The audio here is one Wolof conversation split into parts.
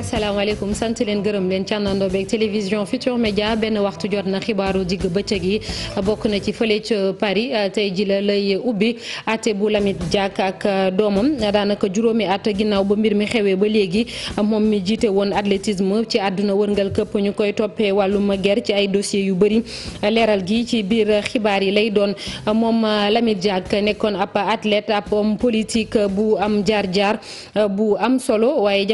asalaamaaleykum sant leen gërëm leen ci àndandoo beeg télévision Futur Média benn waxtu jot na xibaaru digg bëccëg yi bokk na ci fële ca Paris tey ji la lay ubbi àtte bu lamit Diack ak euh, doomam daanaka juróomi at ginnaaw ba mbir mi xewee ba léegi moom mi jiite woon athlétisme ci àdduna wërngal këpp ñu koy toppee wàllum guerre ci ay dossiers yu bëri leeral gi ci biir xibaar yi lay doon moom euh, Lamine Diack nekkoon ab athlète ab homme politique bu am jaar jaar euh, solo waaye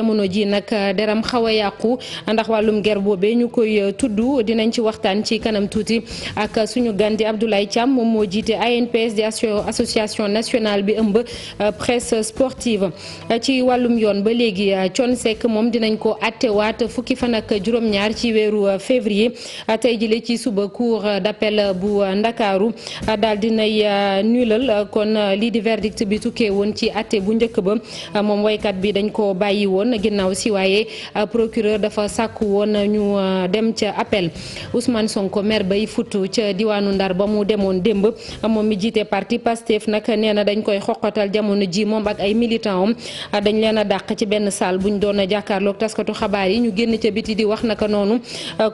deram xaw a yàqu ndax wàllum ger boobee ñu koy euh, tudd dinañ ci waxtaan ci kanam tuuti ak suñu gan di Abdoulaye Thiam moom moo jiite ANPS di association nationale bi ëmb euh, presse sportive ci wàllum yoon ba léegi euh, Thione Seck moom dinañ ko attewaat fukki fan nak juróom-ñaar ci weeru février tey jile ci suba cour d'appel bu Ndakaaru daal dinay nulal kon lii di verdict bi tukkee woon ci atte bu njëkk ba moom waykat bi dañ ko bàyyi woon ginnaaw si waaye Euh, procureur dafa sàkk woon ñu euh, dem ca appel Ousmane Sonko mer bay futu ca diwaanu Ndar ba mu demoon démb moom mi jiite parti Pastef nag nee na dañ koy xoqatal jamono jii moom ak ay militant am euh, dañ leen a dàq ci benn salle buñ doon jàkkaarloog taskatu xabaar yi ñu génn ca biti di wax naka noonu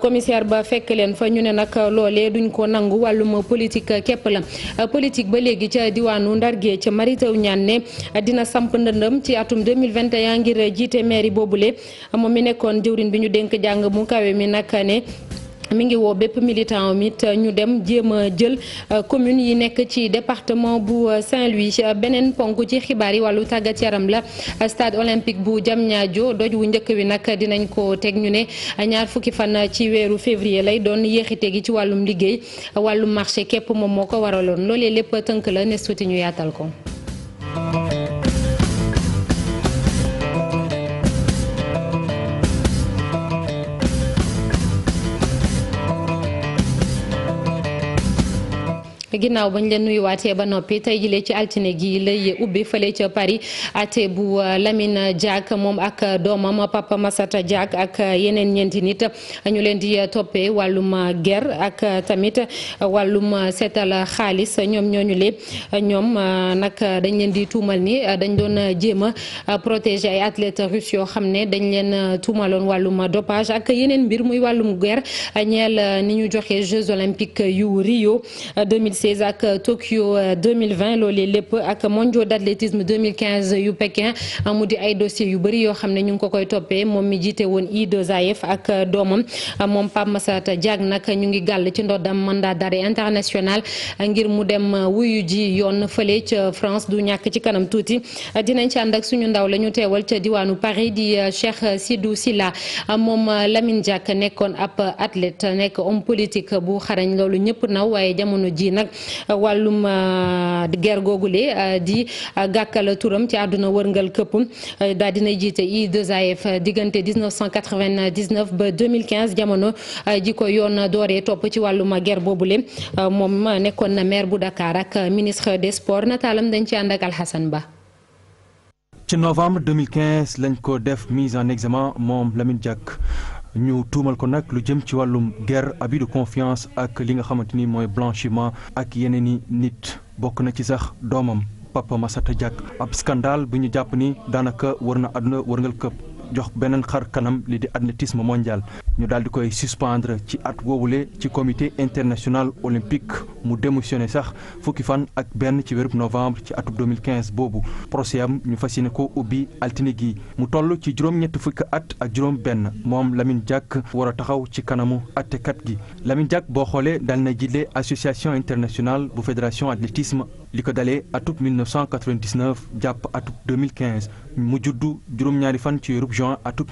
commissaire ba fekk leen fa ñu ne nag loole duñ ko nangu wàllum politique képp la politique ba léegi ca diwaanu Ndar gee ca Mary Teuw Niane ne dina samp ndëndëm ci atum 2021 ngir jiite mairie boobule moom mi nekkoon jëwrin bi ñu dénk jàng mu kawe mi nag ne mi ngi woo bépp militant mit ñu dem jéem a jël euh, commune yi nekk ci département bu euh, Saint-Louis beneen ponk ci xibaar yi wàllu tàggat yaram la stade olympique bu Diamniadio doj wu njëkk wi nag dinañ ko teg ñu ne ñaar fukki fan ci weeru février lay doon yéexite gi ci wàllum liggéey wàllum marché képp moom moo ko waraloon loolee lépp tënk la ne suuti ñu yaatal ko. ginnaaw bañ leen waatee ba noppi tey jilee ci altine gi lay ubbi fale ca Paris ate bu euh, Lamine Diack moom ak doomam Papa Massata Diack ak yeneen ñeenti nit ñu leen di toppee wàllum ger ak tamit wàllum seetal xaalis ñoom ñooñu lépp ñoom euh, nag dañ leen di tuumal ni dañ doon jéem a protéger ay athlètes russes yoo xam ne dañ leen tuumaloon wàllum dopage ak yeneen mbir muy wàllum ger ñeel ni ñu joxe Jeux olympiques yu Rio 2016 ak Tokyo 2020 loolee lépp ak mondiaux d'athlétisme 2015 yu Pékin mu di ay dossiers yu bëri yoo xam ne ñu ngi ko koy toppee moom mi jiite woon I2AF ak doomam moom Pape Massata Diack nag ñu ngi gàll ci ndoddam mandat d'arrêt international ngir mu dem wuyu ji yoon fële ca France du ñàkk ci kanam tuuti dinañ ci ànd ak suñu ndaw la ñu teewal ca diwaanu Paris di Cheikh Sidou Silla moom Lamine Diack nekkoon ab athlète nekk homme politique bu xarañ loolu ñëpp naw waaye jamono ji nag wàllum euh, ger googule euh, di euh, gàkkal turam ci àdduna wërngal këpp daal dinay jiite I2AF diggante 1999 ba 2015 jamono ji ko yoon dooree topp ci wàllum ger boobule moom nekkoon na maire bu Dakar ak ministre des sports nataalam dañ ci ànd ak Alxasan Ba ci novembre lañ ko def mise en examen moom Lamine Diack ñu tuumal ko nag lu jëm ci wàllum guerre abus de confiance ak li nga xamante ni mooy blanchiment ak yeneen i nit bokk na ci sax doomam Papa Massata Diack ab scandale bu ñu jàpp ni daanaka war na àdduna wërngal këpp jox beneen xar kanam li di athlétisme mondial ñu daal di koy suspendre ci at woowule ci comité international olympique mu démissionné sax fukki fan ak benn ci wérub novembre ci atub 2015 boobu procès ñu fas yéene ko ubbi altine gi mu toll ci juróom-ñett at ak juróom benn moom Lamine Diack war a taxaw ci kanamu attekat gi Lamine Diack boo xoolee dal na jiite association internationale bu fédération athlétisme li ko dalee atub 1999 jàpp atub 2015 mu juddu juróom-ñaari fan ci weerub juin atub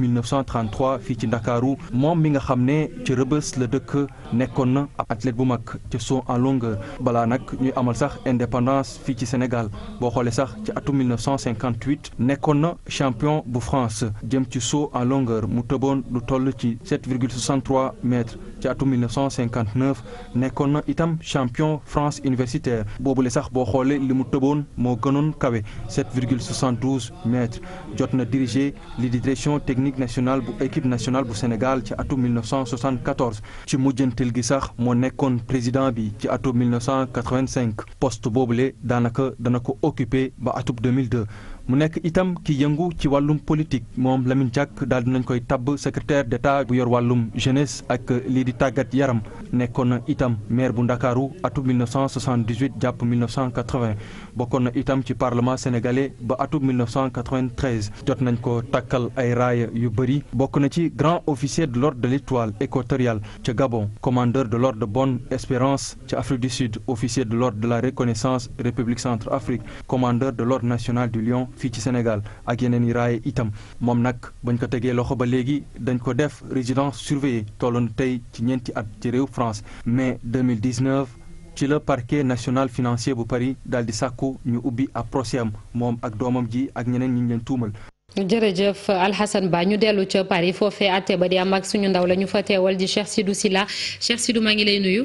fii ci ndakaaru moom mi nga xam ne ci rëbës la dëkk nekkoon na ab athlète bu mag ci saut en longueur balaa nag ñuy amal sax indépendance fii ci Sénégal boo xoolee sax ci atub 1958 nekkoon na champion bu France jëm ci saut en longueur mu tëboon lu toll ci 7,63 mètres ci atub 1959 nekkoon na itam champion France universitaire boobule sax boo xoolee li mu tëboon moo gënoon kawe 7,72 mètres jot na diriger li direction technique nationale bu équipe nationale bu Sénégal ci atum 1974 ci mujjantel gi sax moo nekkoon président bi ci atum 1985 poste boobule daanaka dana ko occuper ba atum 2002. mu nekk itam ki yëngu ci wàllum politique moom Lamine Diack daal dinañ koy tabb secrétaire d'État bu yor wàllum jeunesse ak lii di tàggat yaram nekkoon na itam maire bu Ndakaaru atum 1978 jàpp 1980 bokkoon na itam ci parlement sénégalais ba atum 1993 jot nañ ko takkal ay raaya yu bëri bokk na ci grand officier de l'ordre de l'étoile équatoriale ca Gabon commandeur de l'ordre de Bonne Espérance ca Afrique du Sud officier de l'ordre de la Reconnaissance République Centrafrique commandeur de l'ordre national du Lion fii ci Sénégal ak yeneen yi raaya itam moom nag bañ ko tegee loxo ba léegi dañ ko def résidence surveillée tolloon tey ci ñeenti at ci réew France mai 2019 ci la parquet national financier bu Paris daal di sàkku ñu ubbi ab procès am moom ak doomam ji ak ñeneen ñi leen tuumal. jërëjëf Alhassane Ba ñu dellu ca Paris foofee àtte ba di am ak suñu ndaw la ñu fa teewal di Cheikh Sidou Silla Cheikh Sidou maa ngi lay nuyu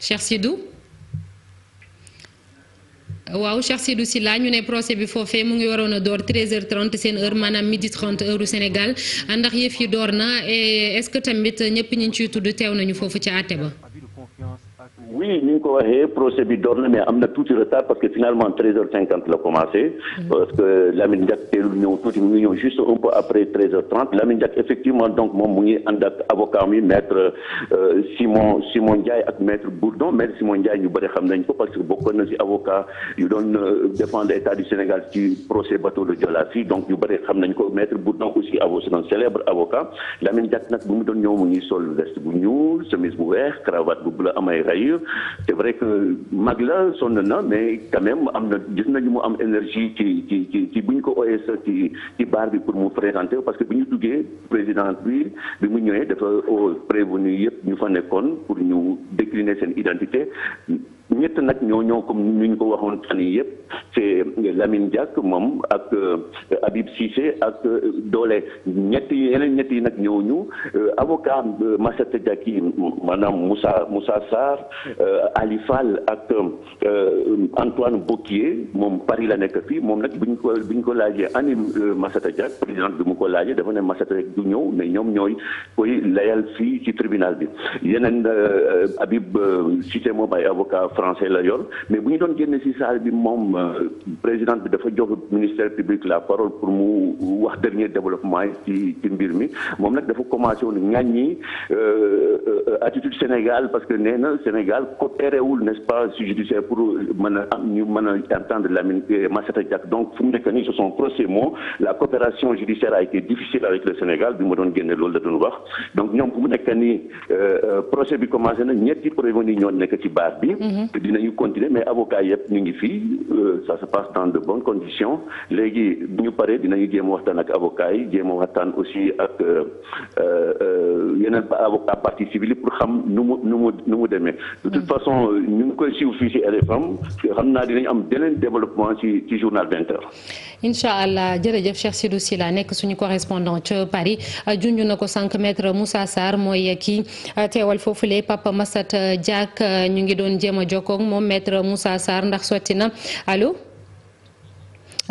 Cheikh Sidou waaw Cheikh Sidou Silla ñu ne procès bi foofee mu ngi waroon a door 13h30 seen heure maanaam midi 30 heure u Sénégal ndax yëf yi door na et est-ce que tamit ñëpp ñi ñu ciy tudd teew nañu foofu ca àtte ba. confiance oui ñu ngi ko waxee procès bi door na mais am na tuuti retard parce que finalement treize heures cinquante la commencé. Mhm. parce que Lamine Diack teelul ñëw tuuti mu ngi ñëw juste un peu après treize heures trente Lamine Diack effectivement donc moom mu ngi ànd ak avocat mi maître euh, Simon Simon Ndiaye ak maître Bourdon maître Simon Ndiaye ñu bëri xam nañ ko parce que bokkoon na ci avocat yu doon euh, défendre état du Sénégal ci procès bateau de Joola fii donc ñu bëri xam nañ ko maître Bourdon aussi avocat c'est un célèbre avocat Lamine Diack nag bu mu doon ñëw mu ngi sol veste bu ñuul chemise bu weex cravate bu bleu amay rayures c' vrai que mag la sonn na mais quand même am na gis nañu mu am énergie ci ci ci ci bu ñu ko oyee sax ci ci baar bi pour mu présenter parce que bi ñu duggee président bi bi mu ñëwee dafa prévenu yëpp ñu fa nekkoon pour ñu décliner seen identité ñett nag ñoo ñoo comme ni ñu ko waxoon fan yii yëpp c'est Lamine Diack moom ak euh, Habib Cissé ak euh, Doole ñett yi ñett yi nag ñoo ñu euh, avocat Massata Diack yi maanaam Moussa Moussa Sarr Ali Fall ak Antoine Bocquier moom Paris la nekk fii moom nag bu ñu ko bu ko laajee ani Massata Diack président bi mu ko laajee dafa ne Massata Diack du ñëw mais ñoom ñooy koy layal fii ci tribunal bi yeneen Habib Cissé moom ay avocat français la yoon mais bu ñu doon génnee si saa bi moom euh, président bi dafa jox ministère public la parole pour mu wax dernier développement yi ci mbir mi moom nag dafa commencé woon ñi euh, euh, attitude Sénégal parce que nee na Sénégal coopérewul n'est-ce pas si judiciaire pour mën a am ñu mën a entendre Lamine Massata Diack donc fu mu nekk nii ce sont procès mots la coopération judiciaire a été difficile avec le Sénégal bi ma doon génne loolu da doon wax donc ñoom fu mu nekk nii procès bi commencé na ñetti prévenu ñoo nekk ci baat bi mm-hmm. Mm-hmm. dinañu continuer mais avocat yëpp ñu ngi fii euh, ça se passe dans de bonnes conditions léegi bu ñu paree dinañu jéem waxtaan ak avocat yi jéem waxtaan aussi ak euh, euh, yeneen avocat partie civile pour xam nu mu nu mu nu mu demee de toute mm-hmm. façon ñu ngi koy suivre fii si RFM xam naa dinañu am beneen développement ci ci journal 20 heures incha allah jërëjëf Cheikh Sidou Sylla nekk suñu correspondant ca Paris junj na ko sànq maître Moussa Sarr mooy kii teewal foofulee Papa jokkoo moom maître mussa Sarr ndax sotti na alo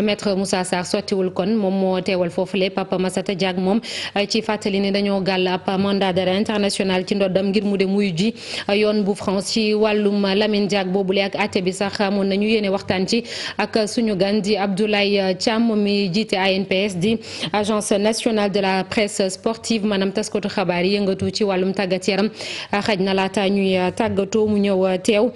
maître Moussa Sarr sottiwul kon moom moo teewal foofule Papa Massata Diack moom ci fàttali ne dañoo gàll ab mandat d'arrêt international ci ndoddam ngir mu de muy ji yoon bu France ci wàllum Lamine boobu boobule ak àtte bi sax amoon nañu yéene waxtaan ci ak suñu gan di Abdoulaye Thiam mi jiite ANPS di agence nationale de la presse sportive maanaam taskatu xabaar yi yëngatu ci wàllum tàggat yaram xaj na laata ñuy tàggatoo mu ñëw teew.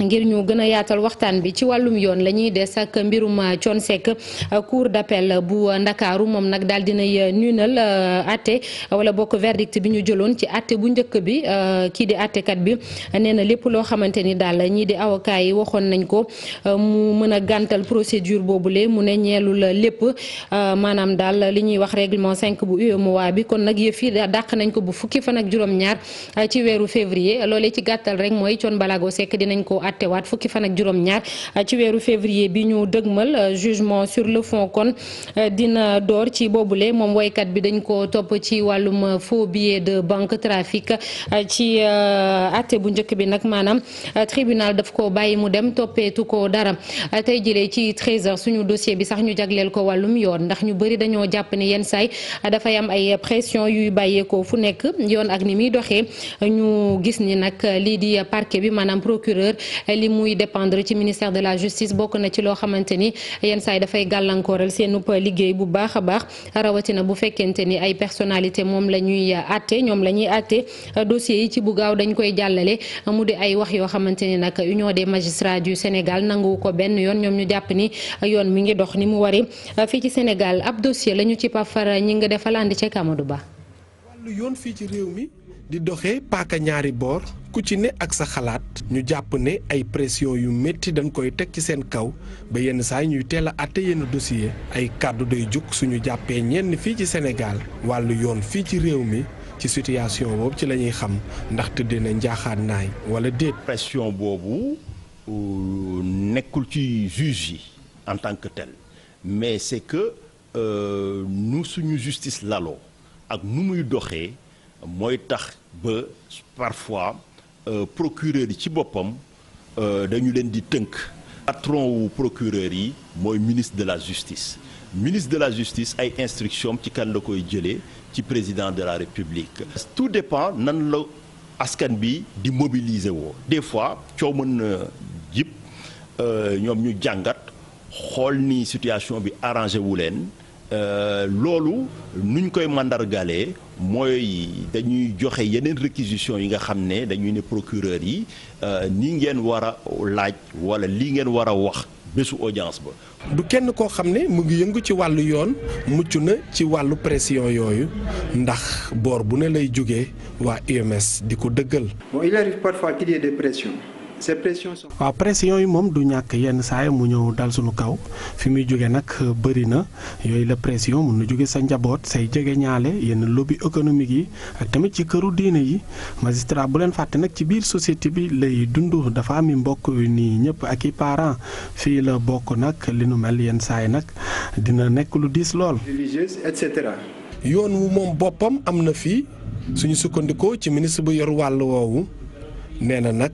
ngir ñu gën a yaatal waxtaan bi ci wàllum yoon la ñuy des ak mbirum euh, Thione Seck euh, cour d'appel bu euh, Ndakaaru moom nag daal dinay nunal atte wala bokk verdict bi ñu jëloon ci atte bu njëkk bi kii di attekat bi nee na lépp loo xamante ni daal ñii di avocat yi waxoon nañ ko mu mën a gàntal procédure boobule mu ne ñeelul lépp maanaam daal li ñuy wax règlement 5 bu UEMOA bi kon nag yëf yi nañ ko bu fukki fan ak juróom-ñaar ci weeru février loolee ci gàttal attewaat fukki fan ak juróom-ñaar uh, ci weeru février bi ñu dëgmal uh, jugement sur le fond kon uh, dina door ci boobule moom woykat bi dañ ko topp ci wàllum faux bier de banque trafic ci atte bu njëkk bi nag maanaam tribunal daf ko bàyyi mu dem toppeetu ko dara tey jëlee ci 13h suñu dossier bi sax ñu jagleel ko wàllum yoon ndax ñu bëri dañoo jàpp ni yenn saay dafay am ay pression yuy bàyyeekoo fu nekk yoon ak ni muy doxee ñu gis ni nag lii di parquet li muy dépendre ci ministère de la justice bokk na ci loo xamante ni yenn saa yi dafay gàllankooral seenub liggéey bu baax a baax rawatina bu fekkente ni ay personnalité moom la ñuy àtte ñoom la ñuy àtte dossiers yi ci bu gaaw dañ koy jàllale mu di ay wax yoo xamante ni nag union des magistrats du Sénégal nanguwu ko benn yoon ñoom ñu jàpp ni yoon mu ngi dox ni mu wari fii ci Sénégal ab dossier la ñu ci pafar ñi nga defal ànd ceeg Amadou Ba. di doxee paaka ñaari boor ku ci ne ak sa xalaat ñu jàpp ne ay pression yu métti dañ koy teg ci seen kaw ba yenn saa ñuy teel a àtte yenn dossier ay kàddu doy jug suñu jàppee ñenn fii ci Sénégal wàllu yoon fii ci réew mi ci situation boobu ci la ñuy xam ndax tëddee na njaaxaan naay wala déet. pression boobu euh, nekkul ci juge yi en tant que tel mais c'est que euh, nu suñu justice laloo ak nu muy doxee mooy tax. ba parfois euh, procureur yi ci boppam euh, dañu leen di tënk patron wu procureur yi mooy ministre de la justice ministre de la justice ay instruction ci kan la koy jëlee ci président de la république tout dépend nan la askan bi di mobiliser woo des fois coow mën na jib euh, ñoom ñu jàngat xool ni situation bi arrangé wu leen Euh, loolu nu ñu koy màndargalee mooy dañuy joxe yeneen réquisition yi nga xam ne dañuy ne procureur yi euh, ni ngeen war a laaj wala lii ngeen war a wax bésu audience ba. du kenn koo xam ne mu ngi yëngu ci wàllu yoon mucc na ci wàllu pression yooyu ndax boor bu ne lay jógee waa UMS di ko dëggal. bon il des pressions. ces pressions sont. waaw pression yi moom du ñàkk yenn saay mu ñëw dal suñu kaw fi muy jóge nag euh, bëri na yooyu la pression mun na jóge sa njaboot say jege ñaale yenn lobby économique yi ak tamit ci këru diine yi magistrat bu leen fàtte nag ci biir société bi lay dund dafa am i mbokk nii ñëpp ak i parents fii la bokk nag li nu mel yenn saay nag dina nekk lu diis lool. religieuse yoon wu moom boppam am na fii suñu sukkandikoo ci ministre bu yor wàll woowu nee na nag.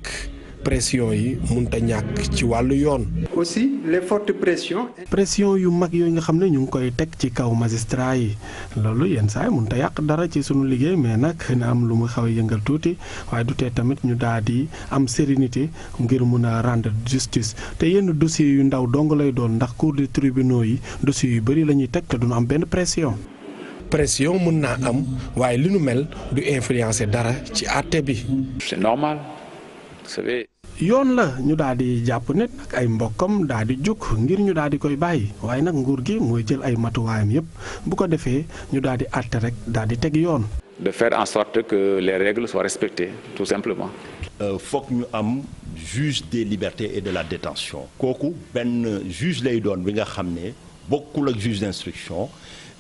pression yi mënta ñàkk ci wàllu yoon. aussi les fortes pressions. pression yu mag yooyu nga xam ne ñu ngi koy teg ci kaw magistrat yi loolu yenn saa mun mënta yàq dara ci sunu liggéey mais nag na am lu mu xaw a yëngal tuuti waaye du tee tamit ñu daal di am sérénité ngir mun a rendre justice te yenn dossiers yu ndaw dong lay doon ndax cour de tribunaux yi dossiers yu bëri la ñuy teg te duñu am benn pression. pression mën naa am waaye li nu mel du influencer dara ci àtte bi. yoon la ñu daal di jàpp ne nag ay mbokkam daal di jóg ngir ñu daal di koy bàyyi waaye nag nguur gi mooy jël ay matuwaayam yépp bu ko defee ñu daal di àtte rek daal di teg yoon. de faire en sorte que les règles soient respectées tout simplement. Euh, foog ñu am juge de liberté et de la détention kooku benn juge lay doon bi nga xam ne bokkul ak juge d'instruction.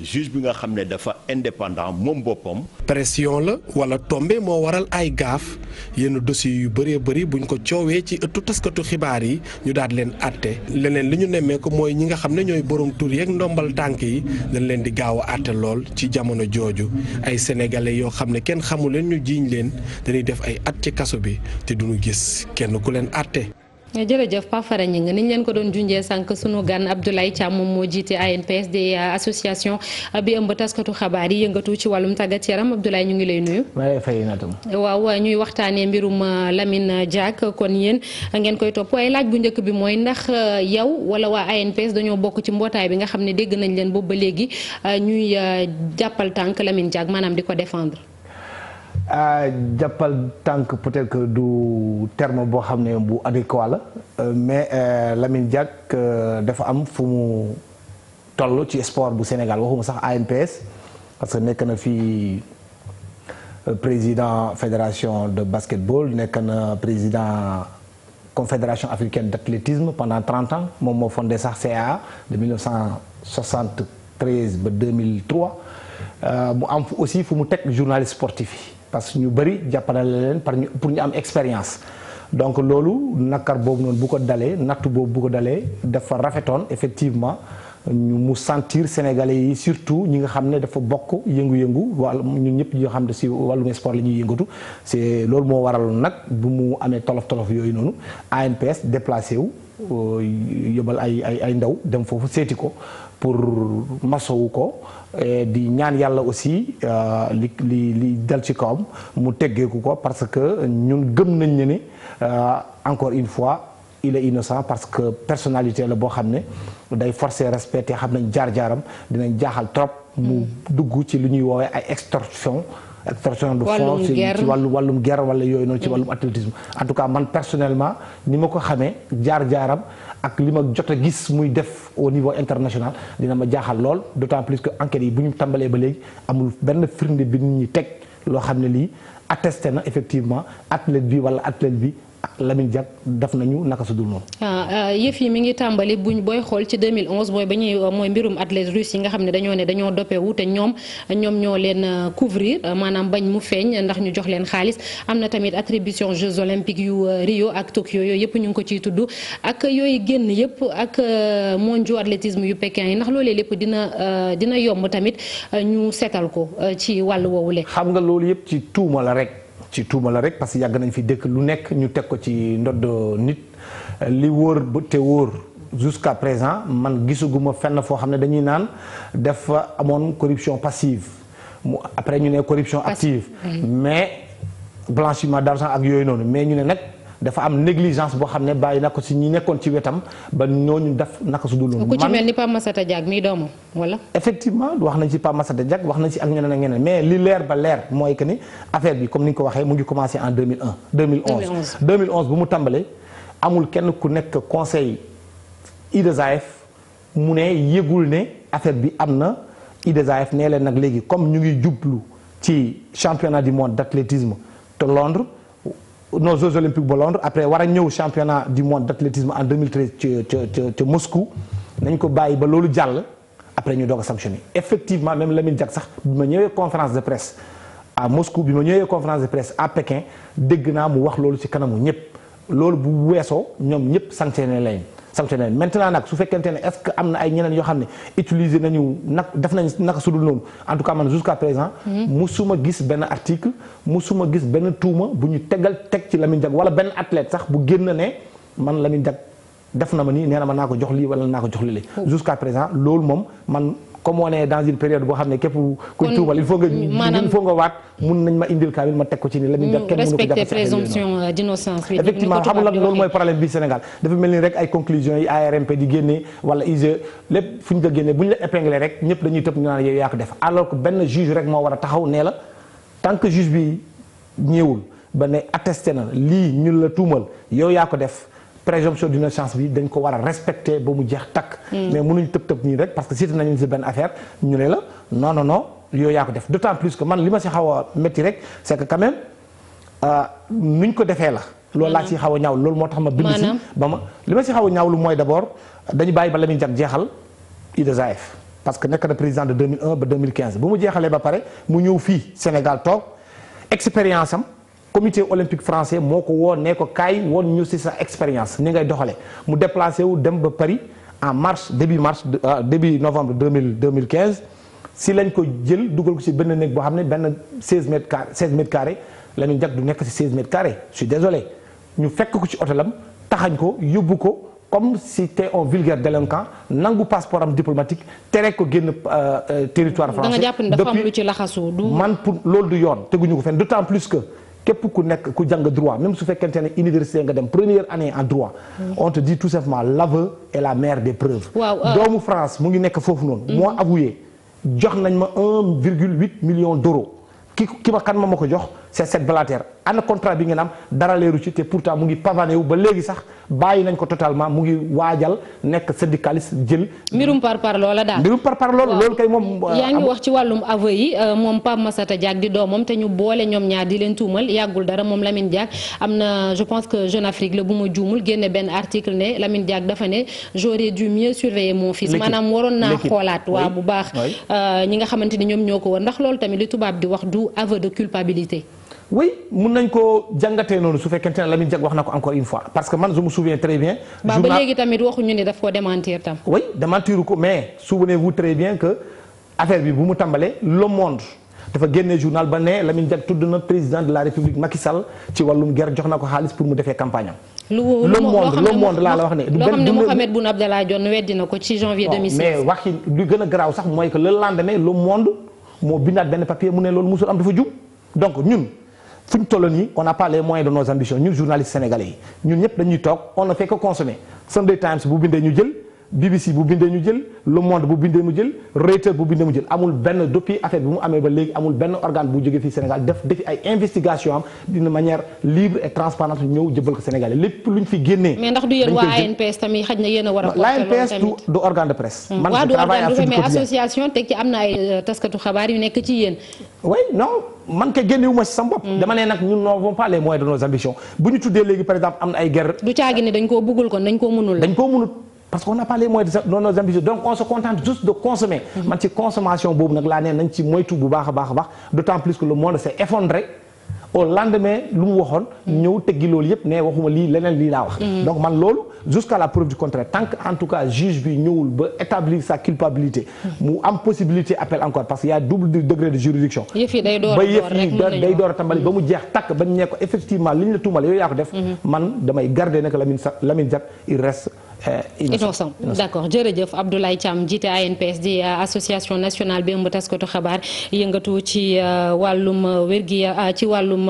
juge bi nga xam ne dafa indépendant moom boppam. pression la wala tombe moo waral ay gaaf yenn dossier yu bëree bëri buñ ko coowee ci ëttu taskatu xibaar yi ñu daal leen àtte leneen li ñu nemmee ko mooy ñi nga xam ne ñooy borom tur yeeg ndombal tànk yi dañ leen di gaaw a àtte lool ci jamono jooju ay sénégalais yoo xam ne kenn xamu leen ñu jiiñ leen dañuy def ay at ci kaso bi te duñu gis kenn ku leen àtte. Eh, jërëjëf Pape Fara Gningue ni ñu leen ko doon junjee sànq sunu gan Abdoulaye Thiam moom moo jiite ANPS di eh, association eh, bi ëmb taskatu xabaar yi yëngatu ci wàllum tàggat yaram Abdoulaye ñu ngi lay nuyu. waaw ñuy waxtaanee mbirum lamin Diack kon yéen ngeen koy topp waaye laaj bu njëkk bi mooy ndax yow wala waa ANPS dañoo bokk ci mbootaay bi nga xam ne dégg nañ leen boobu ba léegi ñuy jàppal tànk Lamine Diack maanaam di ko défendre. ah jàppal tànk peut-être que du terme boo xam ne bu adéquat la euh, mais euh, Lamine Diack dafa am fu mu toll ci sport bu Sénégal waxuma sax ANPS parce que nekk na fi président fédération de basketball nekk na président confédération africaine d'athlétisme pendant trente ans moom moo fondé sax CAA de 1973 ba 2003 mu am aussi fu mu teg journaliste sportif yi. parce que ñu bëri jàppale leen par ñu pour ñu am expérience donc loolu nakar boobu noonu bu ko dalee nattu boobu bu ko dalee dafa rafetoon effectivement ñu mu sentir sénégalais yi surtout ñi nga xam ne dafa bokk yëngu-yëngu wala ñun ñëpp ñoo xam ne si wàllum sport la ñuy yëngatu c'est loolu moo waral nag bu mu amee tolof tolof yooyu noonu ANPS déplacé wu euh, yóbbal ay ay ay ndaw dem foofu seeti ko pour masowu ko di ñaan yàlla aussi euh, li li li dal ci kawam mu teggeeku ko parce que ñun gëm nañ ne ne euh, encore une fois il est innocent parce que personnalité la boo xam ne day forcer respect te xam nañ jaar-jaaram dinañ jaaxal trop mu mm. dugg ci lu ñuy woowee ay extorsion extorsion de fonds ci wàllu wàllum guerre wala yooyu noonu ci mm. wàllum athlétisme en tout cas man personnellement ni ma ko xamee jaar-jaaram ak li ma jot a gis muy def au niveau international dina ma jaaxal lool d'autant plus que enquêtes yi bu ñu tàmbalee ba léegi amul benn firnde bi nu ñi teg loo xam ne lii attesté na effectivement athlète bi wala athlète bi Lamine Diack def nañu naka su dul noonu. Ah, ah, yëf yi mi ngi tàmbali buñ booy xool ci 2011 mooy ba ñuy euh, mooy mbirum athlètes russes yi nga xam ne dañoo ne dañoo doppewu te ñoom ñoom ñoo leen euh, couvrir euh, maanaam bañ mu feeñ ndax ñu jox leen xaalis am na tamit attribution Jeux olympiques yu Rio ak Tokyo yooyu yëpp ñu ngi ko ciy tudd ak yooyu génn yëpp ak mondiaux athlétisme yu Pékin yi ndax loolee lépp dina dina yomb tamit ñu seetal ko ci wàll woowu woowule. xam nga loolu yëpp ci tuuma la rek. ci tuuma la rek parce que yàgg nañ fi dëkk lu nekk ñu teg ko ci ndodd nit li wóor te wóor jusqu'à présent man gisuguma fenn foo xam ne dañuy naan dafa amoon corruption passive mu après ñu ne corruption active mais blanchiment d'argent ak yooyu noonu mais ñu ne nag dafa am négligence boo xam ne bàyyi na ko si ñi nekkoon ci wetam ba ñooñu def naka su dul noonu. ku ci mel ni Pape Massata Diack mii doomu wala. effectivement wax nañ ci Pape Massata Diack wax nañ ci ak ñeneen ak ñeneen mais li leer ba leer mooy que ni affaire bi comme ni nga ko waxee mu ngi commencé en 2001. 2011 2011 bu mu tàmbalee amul kenn ku nekk conseil IDESAF mu ne yëgul ne affaire bi am na IDESAF nee leen nag léegi comme ñu ngi jublu ci championnat du monde d' athlétisme te Londres. nos Jeux olympiques ba Londres après war a ñëw championnat du monde d' athlétisme en 2013 ca ca Moscou nañ ko bàyyi ba loolu jàll après ñu doo a sanctionné effectivement même Lamine Diack sax bi ma ñëwee conférence de presse à Moscou bi ma ñëwee conférence de presse à Pékin dégg naa mu wax loolu ci kanamu ñëpp loolu bu weesoo ñoom ñëpp sanctionné lañ sanctionné leen maintenant nag su fekkente ne est-ce que am na ay ñeneen yoo xam ne utiliser nañu nag def nañ naka sudul noonu en tout cas man jusqu'à présent mhm. musuma gis benn article musuma gis benn tuuma bu ñu tegal teg ci Lamine Diack wala benn athlète sax bu génn ne man Lamine Diack def na ma nii nee na ma naa ko jox lii wala naa ko jox lii jusqu'à présent loolu moom man comme on est dans une période boo xam ne képp kuy tuubal il faut nga il faut nga waat mun nañ ma indil kaamil ma teg ko ci nii la euh, dafa mel ni rek ay conclusions yi ARMP di génne wala IGE lépp fu ñu ko génne bu ñu la épinglé rek ñëpp dañuy tëb ñu naan yow yaa ko def alors que benn juge rek moo war a taxaw nee la tant que juge bi ñëwul ba ne attesté na lii ñu la tuumal yow yaa ko def présomption d'innocence bi dañ ko war a respecter ba mu jeex takk. Hmm. mais mënuñ tëb tëb nii rek parce que cité nañu si benn affaire ñu ne la non non non yooyu yaa ko def d'autant plus que man li ma si xaw a métti rek c'est que quand même euh, nuñ ko defee la. loolu laa hmm. ci xaw a ñaaw loolu moo tax ma bind si ba ma li ma si xaw ñaw lu mooy d'abord dañu bàyyi ba Lamine Diack jeexal IAAF parce que nekk na président de 2001 ba 2015 bu mu jeexalee ba pare mu ñëw fii Sénégal toog expérience am. comité olympique français moo ko woo nee ko kaay woon ñu si sa expérience ni ngay doxale mu déplacé wu dem ba Paris en mars début mars ah, début novembre 2000 2015 si lañ ko jël dugal ko si benn néeg boo xam ne benn 16 mètres carré 16 mètres la ñu jag du nekk si 16 mètres carré je désolé ñu fekk ko ci hôtelam taxañ ko yóbbu ko comme si te un vulgaire délinquant nangu passeport am diplomatique teree ko génn euh, euh, territoire français da nga jàpp ne dafa am man pour loolu du yoon teguñu ko fenn d'autant plus que képp ku nekk ku jàng droit même su fekkente ne université nga dem première année en droit on te dit tout simplement l'aveu est la mère des preuves euh, doomu France mu ngi nekk foofu noonu mm-hmm. moo avoué jox nañ ma un huit million d'euros ki ki ma kan ma ma ko jox c'est cette Blatter ana contrat bi ngeen am dara leeru ci te pourtant mu ngi pavané wu ba léegi sax bàyyi nañ ko totalement mu ngi waajal nekk syndicaliste jël. mbirum par par loola daal mbirum par par loola loolu kay moom. yaa ngi euh, wax ci wàllum aveu yi euh, moom Pape Massata Diack di doomam te ñu boole ñoom ñaar di leen tuumal yàggul dara moom lamin Diack am na je pense que Jeune Afrique la bu ma juumul génne benn article ne Lamine Diack dafa ne j'aurais dû mieux surveiller mon fils. waroon naa xoolaat waa bu baax. Euh, ñi nga xamante ni ñoom ñoo ko war ndax loolu tamit li tubaab di wax du aveu de oui mun nañ koo jàngatee noonu su fekkente ne Lamine Diack wax na ko encore une fois parce que man je me souviens très bien. journal ba léegi tamit waxuñu ne daf ko démentir tam. oui démentir ko mais souvenez-vous très bien que affaire bi bu mu tàmbalee Le Monde dafa génne journal ba ne Lamine Diack tudd na président de la République Macky Sall ci wàllum guerre jox na ko xaalis pour mu defee campagne am. lu woo la wax ne. du benn du loo xam ne ko ci janvier 2016. mais waxi lu gën a garaaw sax mooy que le lendemain Le Monde moo bindaat benn papier mu ne loolu mosul am dafa jub fu ñu toll nii on n'a pas les moyens de nos ambitions ñun journalistes sénégalais yi ñun ñëpp dañuy toog on ne fait que Sunday Times bu bindee ñu jël BBC bu bindee ñu jël Le Monde bu bindee mu jël Reuters bu bindee mu jël amul benn depuis affaire bi mu amee ba léegi amul benn organe bu jógee fii Sénégal def defi ay investigation am d'une manière libre et transparente ñëw jëbal ko Sénégalais lépp luñ fi génnee. mais ndax du yéen waa ANPS tamit xaj na yéen oui non man kay génne wu ma si sam bopp. Mm. nag ñun n'avons pas les moyens de nos ambitions bu ñu tuddee léegi par exemple am na ay guerre. du caagi dañ koo bëggul kon dañ koo mënul. dañ koo mënul parce qu'on n'a pas les moyens de nos ambitions donc on se contente juste de consommer. Mm-hmm. man ci consommation boobu nag laa ne nañ ci moytu bu baax a baax a baax d'autant plus que le monde s'est effondré. au lendemain lu mu waxoon ñëw teggi loolu yëpp ne waxuma lii leneen lii laa wax mm. donc man loolu jusqu'à la preuve du contraire tant que en tout cas juge bi ñëwul ba établir sa culpabilité mm. mu am possibilité appel encore parce que y a double degré de juridiction ba yëf yi day door a tàmbali ba mu jeex takk ba ñu effectivement li ñu la tuumal yooyu yaa ko def mm-hmm. man damay garder nag Lamine Lamine Diack il reste Euh, innocent d'accord jërëjëf Abdoulaye Thiam jiite ANPS di euh, association nationale bi ëmb taskatu xabaar yëngatu ci euh, wàllum wérgi ci wàllum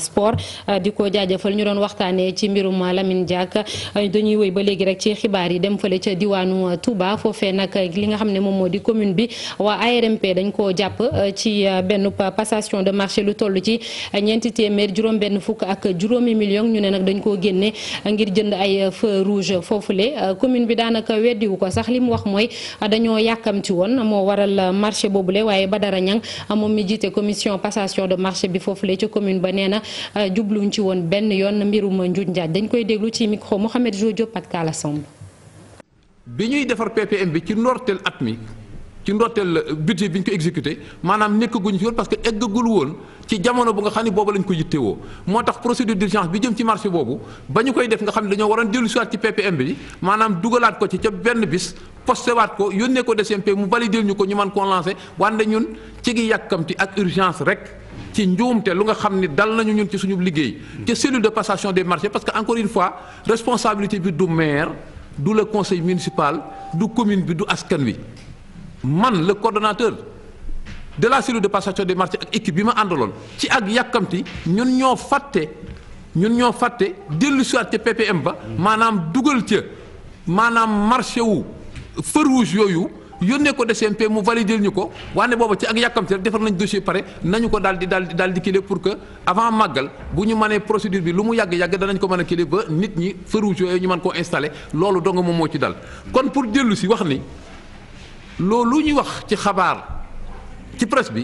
sport di ko jaajëfal ñu doon waxtaanee ci mbirum Lamine Diack dañuy wéy ba léegi rek ci xibaar yi dem fële ca diwaanu Touba foofee nag li nga xam ne moom moo di commune bi waa ARMP dañ koo jàpp ci benn passation de marché lu toll ci ñeenti téeméer juróom benn fukk ak juróomi million ñu ne nag dañ koo génne ngir jënd ay feu rouge foofule Euh, commune bi daanaka weddiwu ko sax li mu wax mooy dañoo yàkkamti woon moo waral euh, marché boobule waaye ba Badara Niang euh, moom mi jiite commission passation de marché bi foofu foofule ci commune ba nee na jubluñ ci woon benn yoon mbirum njuuj njaaj dañ koy déglu ci micro Mohamed Jo Diop ak Kala Samb bi ñuy defar PPM bi ci ndorteel at mi ci ndotteel budget bi ñu ko exécuté maanaam nekkaguñ ci woon parce que eggagul woon ci jamono bu nga xam ne boobu lañ ko woo moo tax procédure d'urgence bi jëm ci marché boobu ba ñu koy def nga xam ne dañoo waroon dellu si waat ci PPM bi maanaam dugalaat ko ci ca benn bis posté waat ko yónnee ko DCMP mu validé ñu ko ñu mën koo lancé wante ñun ci gi yàkkamti ak urgence rek. ci njuumte lu nga xam ni dal nañu ñun ci suñu liggéey ca cellule de passation des marchés parce que encore une fois responsabilité bi du maire du le conseil municipal du commune bi du askan wi man le coordonnateur de la cellule de passation de marchés ak équipe bi ma àndaloon ci ak yàkkamti ñun ñoo fàtte ñun ñoo fàtte dellu si waat ba maanaam dugal ca maanaam marché wu feu rouge yooyu yónnee ko DCMP mu validé ñu ko waane booba ak yàkkamti rek defar nañ dossier pare nañu ko daal di daal di daal di pour que avant màggal bu ñu mënee procédure bi lu mu yàgg-yàgg danañ ko mën a kile ba nit ñi yooyu ñu mën koo installé loolu dong moom moo ci dal kon pour dellu si wax ni loolu ñuy wax ci xabaar ci presse bi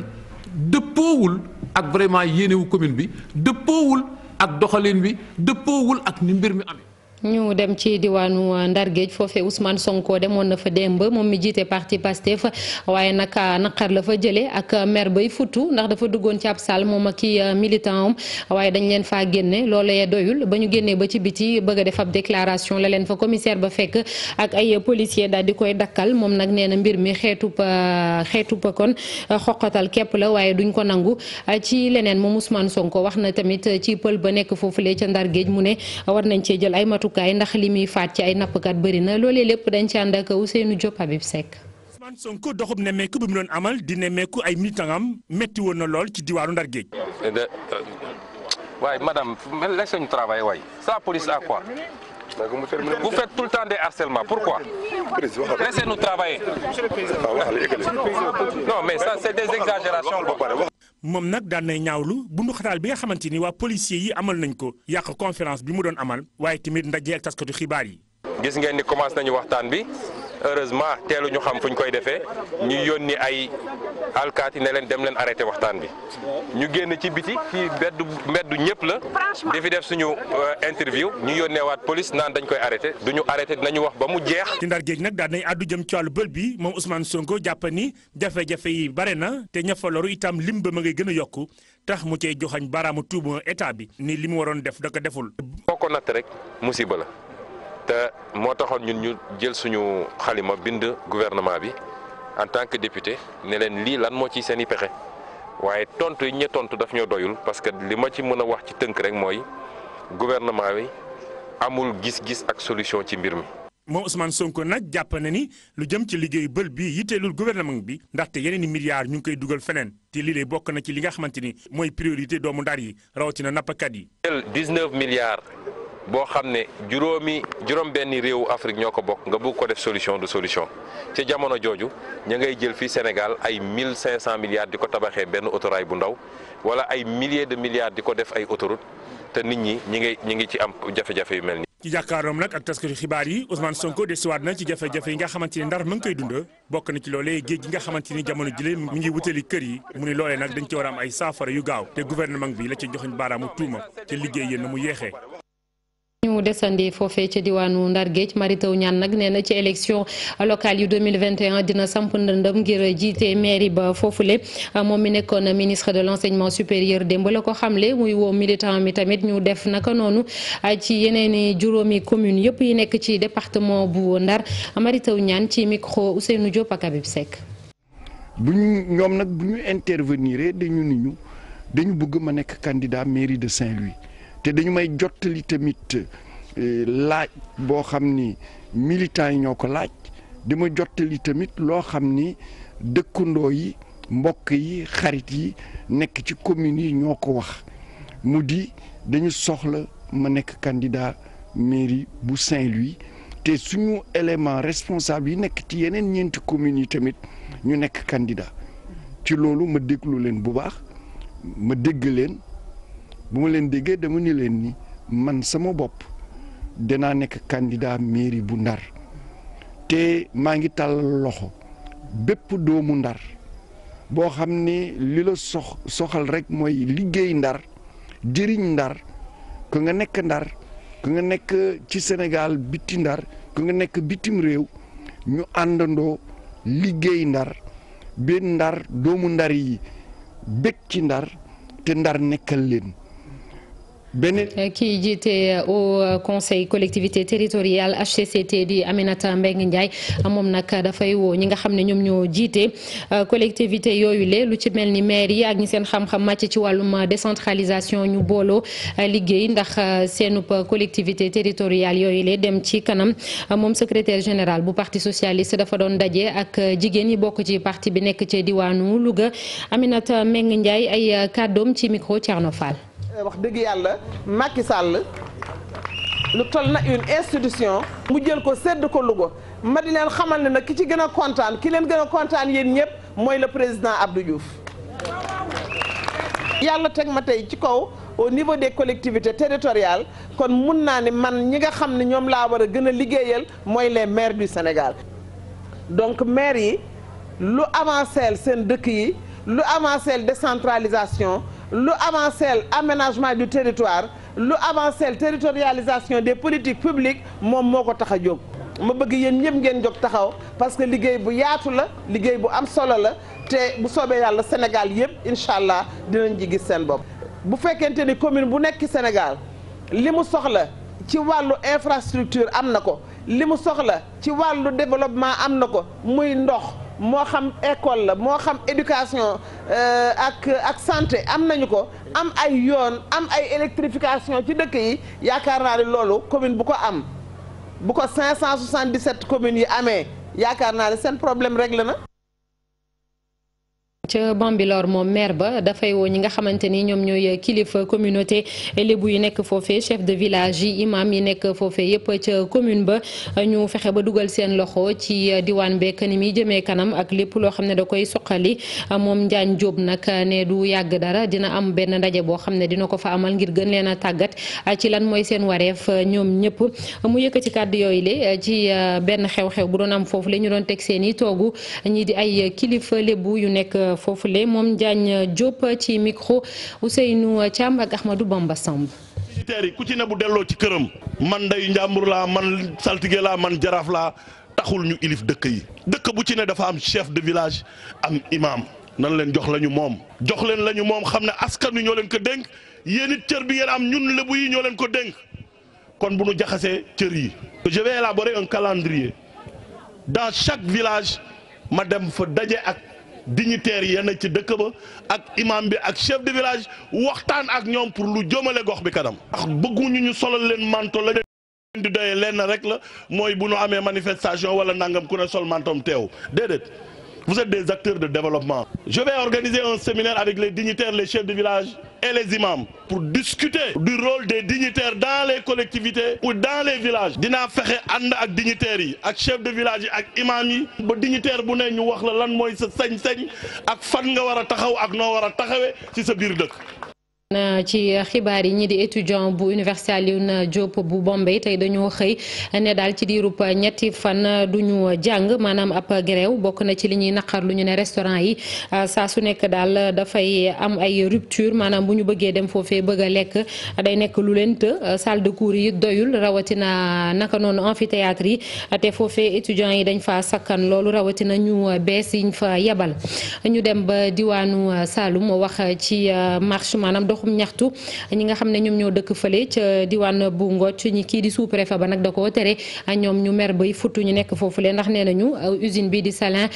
dëppoowul ak vraiment yéenewu commune bi dëppoowul ak doxalin bi dëppoowul ak ni mbir mi amee. ñu dem ci diwaanu Ndar Géej foofee Ousmane Sonko demoon na fa démb moom mi jiite parti Pastef waaye nag ah, naqar la fa jëlee ak mer bay futtu ndax dafa duggoon ci ab salle moom ak i ah, militant am waaye dañ leen faa génne loolee doyul ba ñu génnee ba ci biti bëgg def ab déclaration la leen fa commissaire ba fekk ak ay policier di koy dakkal moom nag nee na mbir mi xeetu ah, xeetu kon xoqatal képp la waaye duñ ko nangu ci leneen moom Sonko wax na tamit ci pël ba nekk foofulee ca Ndar Géej mu ne war nañ cee jël ay matukaay nattukaay ndax li muy faat ci ay nappkat bëri na loolee lépp dañ ci u ak Ousseynou Diop Habib Seck. Ousmane Sonko doxub nemmeeku bi mu doon amal di nemmeeku ay militantam métti woon na lool ci diwaanu Ndar Géej. Eh, euh, waaye madame laissez-nous travailler waay ça police à Vous faites tout le temps des harcèlements. Pourquoi Laissez-nous travailler. Non, mais ça, c'est des exagérations. moom nag daan nay ñaawlu bunduxataal bi nga xamante ni waa policiers yi amal nañ ko yàq conférence bi mu doon amal waaye tamit ndaje ak taskatu xibaar yi. gis ngeen ni commencé nañu waxtaan bi. heureusement teelu ñu xam fu ñu koy defee ñu yónni ay alkaati ne leen dem leen arrêté waxtaan bi ñu génn ci biti fii mbeddu mbeddu ñëpp la di fi def suñu euh, interview ñu yónneewaat police naan dañ koy arrêté du ñu arrêté dinañu wax ba mu jeex. ci ndar nag daal nañ àddu jëm ci wàllu bël bi moom Ousmane Sonko jàpp ni jafe-jafe yi bare na te ña fa loru itam lim ba ma ngay gën a yokku tax mu cay joxañ baraamu tuuma état bi nii li mu waroon def da ko deful. boo natt rek musiba la. te moo taxoon ñun ñu jël suñu xalima bind gouvernement bi en tant que député ne leen lii lan moo ci seen i pexe waaye tontu yi ñu tontu daf ñoo doyul parce que li ma ci mën a wax ci tënk rek mooy gouvernement yi amul gis-gis ak solution ci mbir mi. moom Ousmane Sonko nag jàpp na ni lu jëm ci liggéeyu bël bi yitteelul gouvernement bi ndaxte yeneen i milliards ñu ngi koy dugal feneen te lii lay bokk na ci li nga xamante ni mooy priorité doomu ndar yi rawatina nappkat yi. jël 19 milliards boo xam ne juróomi juróom-benni réew Afrique ñoo ko bokk nga bëgg ko def solution du solution ci jamono jooju ña ngay jël fii Sénégal ay mille cinq cent milliards di ko tabaxee benn autorail bu ndaw wala ay milliers de milliards di ko def ay autoroute te nit ñi ñi ngay ñi ngi ci am jafe-jafe yu mel nii. ci jàkkaaroom nag ak taskatu xibaar yi Ousmane Sonko desuwaat na ci jafe-jafe yi nga xamante ni ndar ma ngi koy dund bokk na ci loolee géej gi nga xamante ni jamono jile mu ngi wutali kër mu ni loolee nag war a ay saafara yu gaaw te gouvernement bi la ci joxuñ baaraamu tuuma liggéey yéen na mu yeexee ñu desandi foofe ca diwaanu Ndar Géej Mary Teuw Niane nag nee na ci élection locale yu 2021 dina samp ndëndëm ngir jiite mairie ba foofule moom mi nekkoon ministre de l'enseignement supérieur démb la ko xamle muy woo militant mi tamit ñu def naka noonu ci yeneeni juróomi commune yëpp yi nekk ci département bu Ndar Mary Teuw Niane ci micro Ousseynou Diop bi Habib Seck bu ñu ñoom nag bu ñu intervenir dañu ni dañu bëgg ma nekk candidat mairie de Saint-Louis te dañu may jottali tamit euh, laaj boo xam ni militants yi ñoo ko laaj di ma jottali tamit loo xam ni dëkkandoo yi mbokk yi xarit yi nekk ci communes yi ñoo ko wax mu di dañu soxla ma nekk candidat mairie bu Saint-Louis te suñu élément responsable yi nekk ci yeneen ñeenti communes yi tamit ñu nekk candidat ci loolu ma déglu leen bu baax ma dégg leen bu ma leen déggee dama ni leen ni man sama bopp dinaa nekk candidat mairie bu ndar te maa ngi tàllal loxo bépp doomu ndar boo xam ne li la sox soxal rekk mooy liggéey ndar jëriñ ndar ko nga nekk ndar ku nga nekk ci senegal biti ndar ku nga nekk bitim réew ñu àndandoo liggéey ndar benn ndar doomu ndar yi bëgg ci ndar te ndar nekkal leen beneen kii jiite au uh, uh, conseil collectivité territoriale HCCT di Aminata Mbengue Ndiaye uh, moom nag dafay woo ñi nga xam ne ñoom ñoo jiite collectivité yooyu le lu ci mel ni maire yi ak ñi seen xam-xam màcc ci wàllum décentralisation ñu booloo liggéey ndax seenub collectivité territoriale yooyu le dem ci kanam moom secretaire général bu parti socialiste dafa doon daje ak jigéen yi bokk ci parti bi nekk ci diwaanu Louga Aminata Mbengue Ndiaye ay kàddoom ci micro Thierno Fall. wax dëgg yàlla Macky Sall lu toll na une institution mu jël ko sedd ko Louga ma leen xamal ne nag ki ci gën a kontaan ki leen gën a kontaan yéen ñëpp mooy le président Abdou Diouf yàlla teg ma tey ci kaw au niveau des collectivités territoriales kon mun naa ni man ñi nga xam ne ñoom laa war a gën a liggéeyal mooy leen maire du Sénégal donc maires yi lu avancé seen dëkk yi lu avancé décentralisation lu avancel aménagement du territoire lu avancel territorialisation des politiques publiques moom moo ko tax a jóg ma bëgg yéen ñëpp ngeen jóg taxaw parce que liggéey bu yaatu la liggéey bu am solo la te bu soobee yàlla Sénégal yëpp incha allah dinañ ci gis seen bopp. bu fekkente ni commune bu nekk Sénégal li mu soxla ci wàllu infrastructure am na ko li mu soxla ci wàllu développement am na ko muy ndox. moo xam école la moo xam éducation euh, ak ak santé am nañu ko am ay yoon am ay électrification ci dëkk yi yaakaar naa ne loolu commune bu ko am bu ko 577 communes yi amee yaakaar naa ne seen problème réglé na. ca Bambilor moom maire ba dafay woo ñi nga xamante ni ñoom ñooy kilifa communauté lébu yu nekk foofee chef de village yi imam yi nekk foofee yëpp ca commune ba ñu fexe ba dugal seen loxo ci diwaan beek ni muy jëmee kanam ak lépp loo xam ne da koy suqali moom Njaañ Jóob nag ne du yàgg dara dina am benn ndaje boo xam ne dina ko fa amal ngir gën leen a tàggat ci lan mooy seen wareef ñoom ñëpp mu yëkkati kàddu yooyu le ci euh, benn xew-xew bu doon am foofu la ñu doon teg seen i toogu di ay kilifa lébu yu nekk foofule moom Diagne euh, Diop ci micro Ousseynou euh, Thiam ak Ahmadou Bamba Samb. militaires yi ku ci ne bu delloo ci këram. man ndeyu njàmbur laa man saltige laa man jaraaf laa taxul ñu ilif dëkk yi. dëkk bu ci ne dafa am chef de village am imam. nan leen jox lañu moom jox leen la ñu moom xam ne askan wi ñoo leen ko dénk yéen it cër bi ngeen am ñun lébu yi ñoo leen ko dénk kon bu nu jaxasee cër yi. je vais élaborer un calendrier dans chaque village ma dem fa daje ak. dignitaires yenn ci dëkk ba ak imam bi ak chef de village waxtaan ak ñoom pour lu jëmale gox bi kanam. ndax bëgguñu ñu solal leen manto la leen di doyee lenn rek la mooy bu nu amee manifestation wala nangam ku ne sol mantoom teew déedéet. Vous êtes des acteurs de développement. Je vais organiser un séminaire avec les dignitaires, les chefs de village et les imams pour discuter du rôle des dignitaires dans les collectivités ou dans les villages. dina fexe ànd ak dignitaires yi ak chefs de village yi ak imam yi ba dignitaire bu ne ñu wax la lan mooy sa sañ-sañ ak fan nga war a taxaw ak noo war a taxawee ci sa biir dëkk. ci xibaar yi ñi di étudiant bu université Alioune Diop bu Bombay tey dañoo xëy ne daal ci diirub ñetti fan du ñu jàng maanaam ab grève bokk na ci li ñuy naqar lu ñu ne restaurant yi ah, saa su nekk daal dafay am ay rupture maanaam bu ñu bëggee dem foofee bëgg a lekk day nekk lu leen të ah, salle de cours yi doyul rawatina naka noonu amphithéâtre yi te foofee étudiants yi dañ fa sakkan loolu rawatina ñu bees yiñ fa yebal ñu dem ba diwaanu Saloum wax ci ah, marche doxum ñaxtu ñi nga xam ne ñoom ñoo dëkk fële ca diwaan bu Ngoc ñi kii di sous-préfet ba nag da koo tere ñoom ñu mer bay futu ñu nekk le ndax ne nañu usine bi di Salins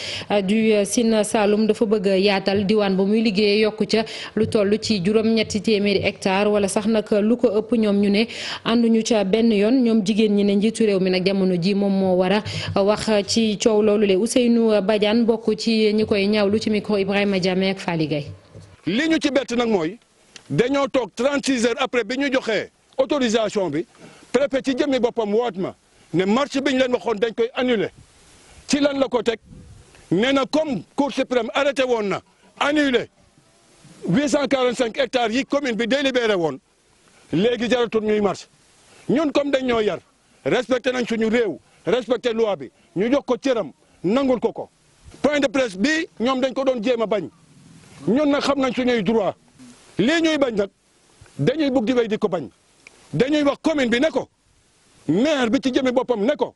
du Sine Saloum dafa bëgg yaatal diwaan ba muy liggéeyee yokku ca lu toll ci juróom téeméeri hectare wala sax nag lu ko ëpp ñoom ñu ne ànduñu ca benn yoon ñoom jigéen ñi ne njiitu réew mi nag jamono ji moom moo war wax ci coow loolu le Ousseynou Badiane bokk ci ñi koy ñaaw lu ci micro Ibrahima Diame ak Fally li ñu ci bett nag mooy dañoo toog 36 heures après bi ñu joxee autorisation bi préfet ci jëmmi boppam woot ma ne marche bi ñu leen waxoon dañ koy annuler ci lan la ko teg nee na comme cour suprême arrêté woon na annuler 845 hectares yi commune bi délibéré woon léegi jaratul ñuy marche ñun comme dañ ñoo yar respecté nañ suñu réew respecté loi bi ñu jox ko cëram nangul ko ko point de presse bi ñoom dañ ko doon jéem a bañ ñun na xam nañ suñuy droit lii ñuy bañ nag dañuy bugg di wéy di ko bañ dañuy wax commune bi ne ko maire bi ci jëme boppam ne ko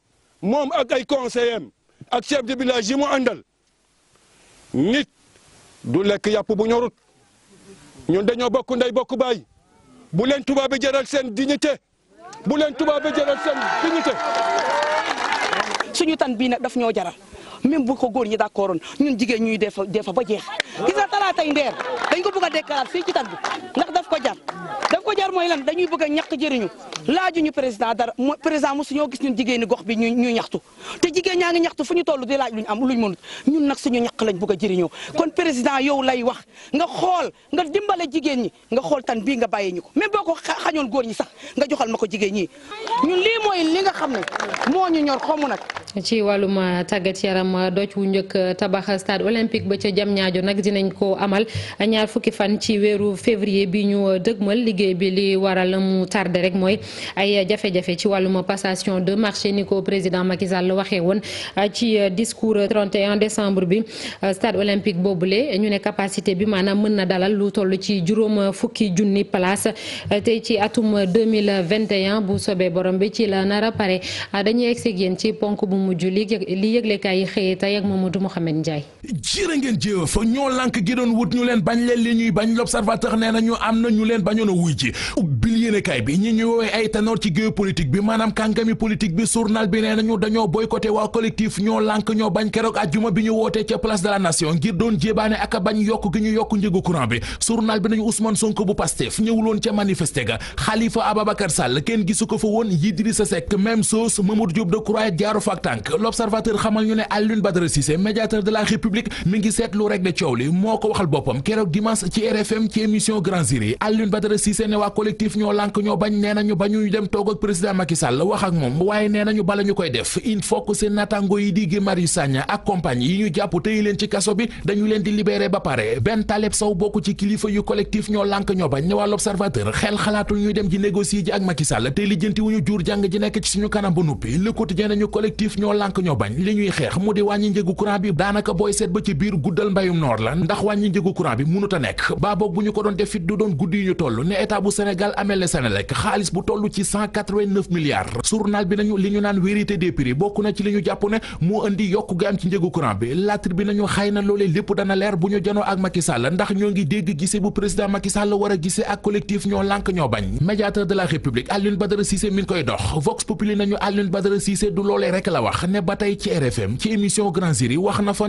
moom ak ay conseillers ak chef de village mu àndal nit du lekk yàpp bu ñorut ñun dañoo bokk ndey bokk baay bu leen tubaab bi jëral seen dignité bu leen tubaab bi jëral seen dignité suñu tan bii nag daf ñoo jaral même bu ko góor ñi d'accord woon ñun jigéen ñuy def def ba jeex gis nga talaatay ndeer dañ ko bëgg a dekkalaat ci tat bi ndax daf ko jar ko jar mooy lan dañuy bëgg a ñàkk jëriñu laajuñu président dara président mosu ñoo gis ñun jigéeni gox bi ñu ñu ñaxtu te jigéen ñaa ngi ñaxtu fu ñu toll di laaj luñ am luñ mënut ñun nag suñu ñàkk lañ bëgg a jëriñoo kon président yow lay wax nga xool nga dimbale jigéen ñi nga xool tan bi nga bàyyee ñu ko même boo ko xañoon góor ñi sax nga joxal ma ko jigéen ñi ñun lii mooy li nga xam ne moo ñu ñor xamu nag ci wàllum ah, tàggat yaram ah, doj wu njëkk ah, tabaxa stade olympique ba ca jam ñaajo nag dinañ ko amal ñaar fukki fan ci weeru février bi ñu dëgmal liggéey bi bi li waral mu tardé rek mooy ay jafe-jafe ci wàllum passation de marché ni ko président Macky Sall waxee woon euh, ci euh, discours 31 euh, décembre bi stade olympique boobule ñu ne capacité bi maanaam mën na dalal lu toll ci juróom fukki junni place te ci atum 2021 bu sobee borom bi ci la nara pare dañuy egg seeg yéen ci ponk bu mujj li li yëglekaay yi xëyee tey ak Mamadou Mouhamed Ndiaye. jërë ngeen jëf ñoo lànk gi doon wut ñu leen bañ leen li ñuy bañ l'observateur og yéenekaay bi ñi ñu woowee ay tanoor ci géopolitique bi maanaam kàngami politique bi journal bi nee nañu dañoo boycotté waa collectif ñoo lànk ñoo bañ keroog ajjuma bi ñu wootee ca place de la nation ngir doon jéebaane ak bañ yokk gi ñu yokk njëgu courant bi journal bi nañu Ousmane Sonko bu Pastef ñëwuloon ca manifesté ga Khalifa Ababacar Sall kenn gisu ko fa woon Idrissa Seck même sauce Mamadou Diop Decroix jaaru fa ak tànk L'Observateur xamal ñu ne Alioune lànk ñoo bañ nee nañu ba ñu dem toog ak président Macky Sall wax ak moom waaye nee nañu bala ñu koy def il faut que natango yi di Guy Marius Sagna ak compagne yi ñu jàpp tëye leen ci kaso bi dañu leen di libéré ba pare benn Taleb Sow bokk ci kilifa yu collectif ñoo lànk ñoo bañ ñëwàl observateur xel xalaatul ñuy dem ji négocier ji ak Macky Sall te lijjanti wuñu jur jàng ji nekk ci suñu kanam ba nuppi le quotidien nañu collectif ñoo lànk ñoo bañ a nekk baa boog bu ñu ko doon def it du doon guddi télé xaalis bu toll ci 189 milliards bi nañu li ñu naan vérité des prix bokk na ci li ñu jàpp ne moo indi yokk ga ci njëgu courant bi La Tribune nañu xëy na loolee lépp dana leer bu ñu janoo ak Macky ndax ñoo ngi dégg gise bu président Macky war a gise ak collectif ñoo lànk ñoo bañ médiateur de la République Alioune Badara Cissé mi koy dox Vox Populi nañu Alioune Badara Cissé du loolee rek la wax ne ba tey ci RFM ci émission Grand Jury wax na fa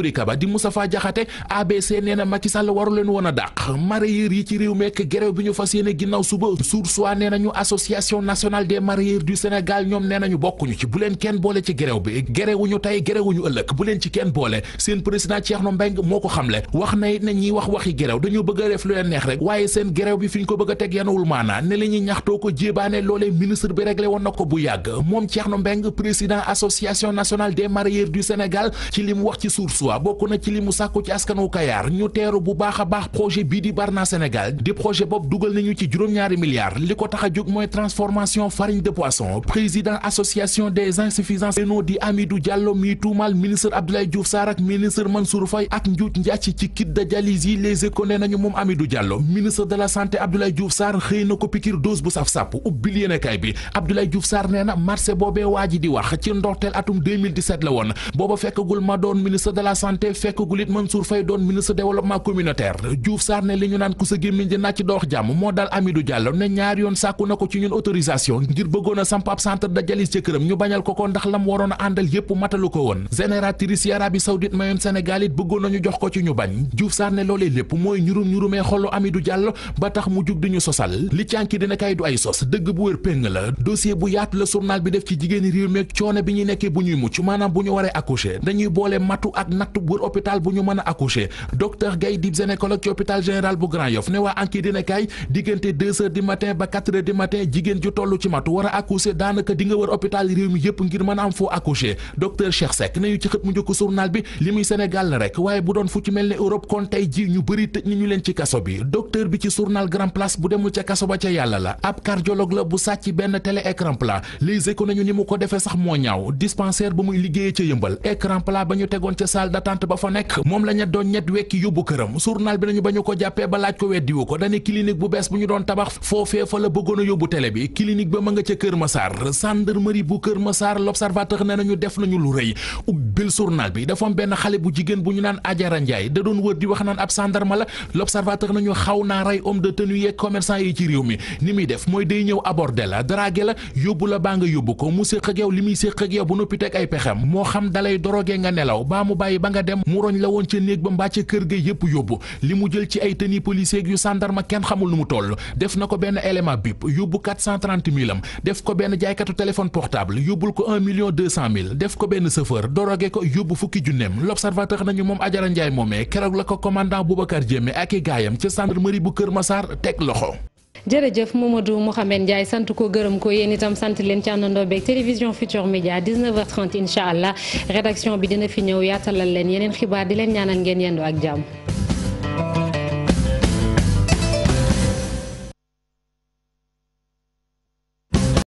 Sourika di Moustapha Diakhaté ABC nee na Macky Sall a dàq mareyeur yi ci réew mekk gerew bi ñu fas yéene ginnaaw suba sursoi nee nañu a ñu association nationale des mareyeurs du Sénégal ci li mu wax ci sursoi Touba bokk na ci li mu sàkku ci askanu Kayaar ñu teeru bu baax a baax projet bii di Barna Sénégal di projet boobu dugal nañu ci juróom-ñaari milliards li ko tax a jóg mooy transformation farine de poisson président association des insuffisances rénaux di Amidou Diallo mi tuumal ministre Abdoulaye Diouf Sarr ak ministre Mansour Faye ak njuuj njàcc ci kit da yi les école nañu moom Amidou Diallo ministre de la santé Abdoulaye Diouf Sarr xëy na ko pikir dose bu saf-sàpp ubbil yéenekaay bi Abdoulaye Diouf Sarr na marché boobee waa ji di wax ci ndorteel atum 2017 la woon booba fekkagul santé fekk gulit Mansour Faye doon ministre développement communautaire Diouf Sarr ne li ñu naan ku sa gémmiñ di nàcc doox jàmm moo daal Amidou Diallo ne ñaari yoon sàkku na ko ci ñun autorisation ngir bëggoon a samp ab centre de dialyse ca këram ñu bañal ko ko ndax lam waroon a àndal yépp matalu ko woon génératrice yi Arabie Saoudite mayoon Sénégal it bëggoon nañu jox ko ci ñu bañ Diouf Sarr ne loolee lépp mooy ñurum ñurumee xolu Amidou Diallo ba tax mu jug di ñu sosal li cànki dina kay du ay sos dëgg bu wér péng la dossier bu bi def ci jigéeni réew meeg coono bi ñuy nekkee bu ñuy mucc maanaam bu ñu waree accoucher dañuy boole matu ak nag nattub a accoucher waaye bu doon fu ci mel ne Europe kon tey ji ñu bëri tëj ni leen ci kaso bi docteur bi ci journal Grand Place bu demul ca kaso ba ca yàlla la ab cardiologue la bu sàcc benn télé écran plat les économies ni mu ko defee sax moo ñaaw dispensaire ba muy liggéeyee ca yëmbal écran plat ba ñu tegoon ca salle salle d'attente ba fa nekk moom la ña doon ñett wekki yóbbu këram journal bi nañu ba ñu ko jàppee ba laaj ko weddiwu ko dane clinique bu bees bu ñu doon tabax foofee la bëggoon a yóbbu télé bi clinique ba ma nga ca Kër Massar gendarmerie bu Kër Massar l'observateur nee nañu def nañu lu rëy ubbil journal bi dafa am benn xale bu jigéen bu ñu naan Ajara Njaay da doon wër di wax naan ab gendarme la l'observateur nañu xaw naa rey homme de tenue yeeg commerçant yi ci réew mi ni muy def mooy day ñëw aborder la draguer la la baa nga yóbbu ko mu séq ak li muy séq yow bu noppi teg ay pexem moo xam dalay dorogee nga nelaw baa mu bàyyi ba nga dem mu roñ la woon ca néeg ba mbaa ca kër ga yëpp yóbbu li mu jël ci ay tenue policier yu gendarme kenn xamul nu mu toll def na ko benn élément bip yóbbu 430 000 am def ko benn jaaykatu téléphone portable yóbbul ko 1 million 200 000 def ko benn chauffeur doroge ko yóbbu fukki junneem l'observateur nañu moom Ajara Ndiaye moomee keroog la ko commandant Boubacar Diémé ak i gaayam ca gendarmerie bu Kër Massar teg loxo jërëjëf Mamadou Mouhamed Ndiaye sant ko gërëm ko yéen itam sant leen ci àndandoo beeg télévision Futur Média 19 h allah rédaction bi dina fi ñëw yaatalal leen yeneen xibaar di leen ñaanal ngeen yendu ak jàmm.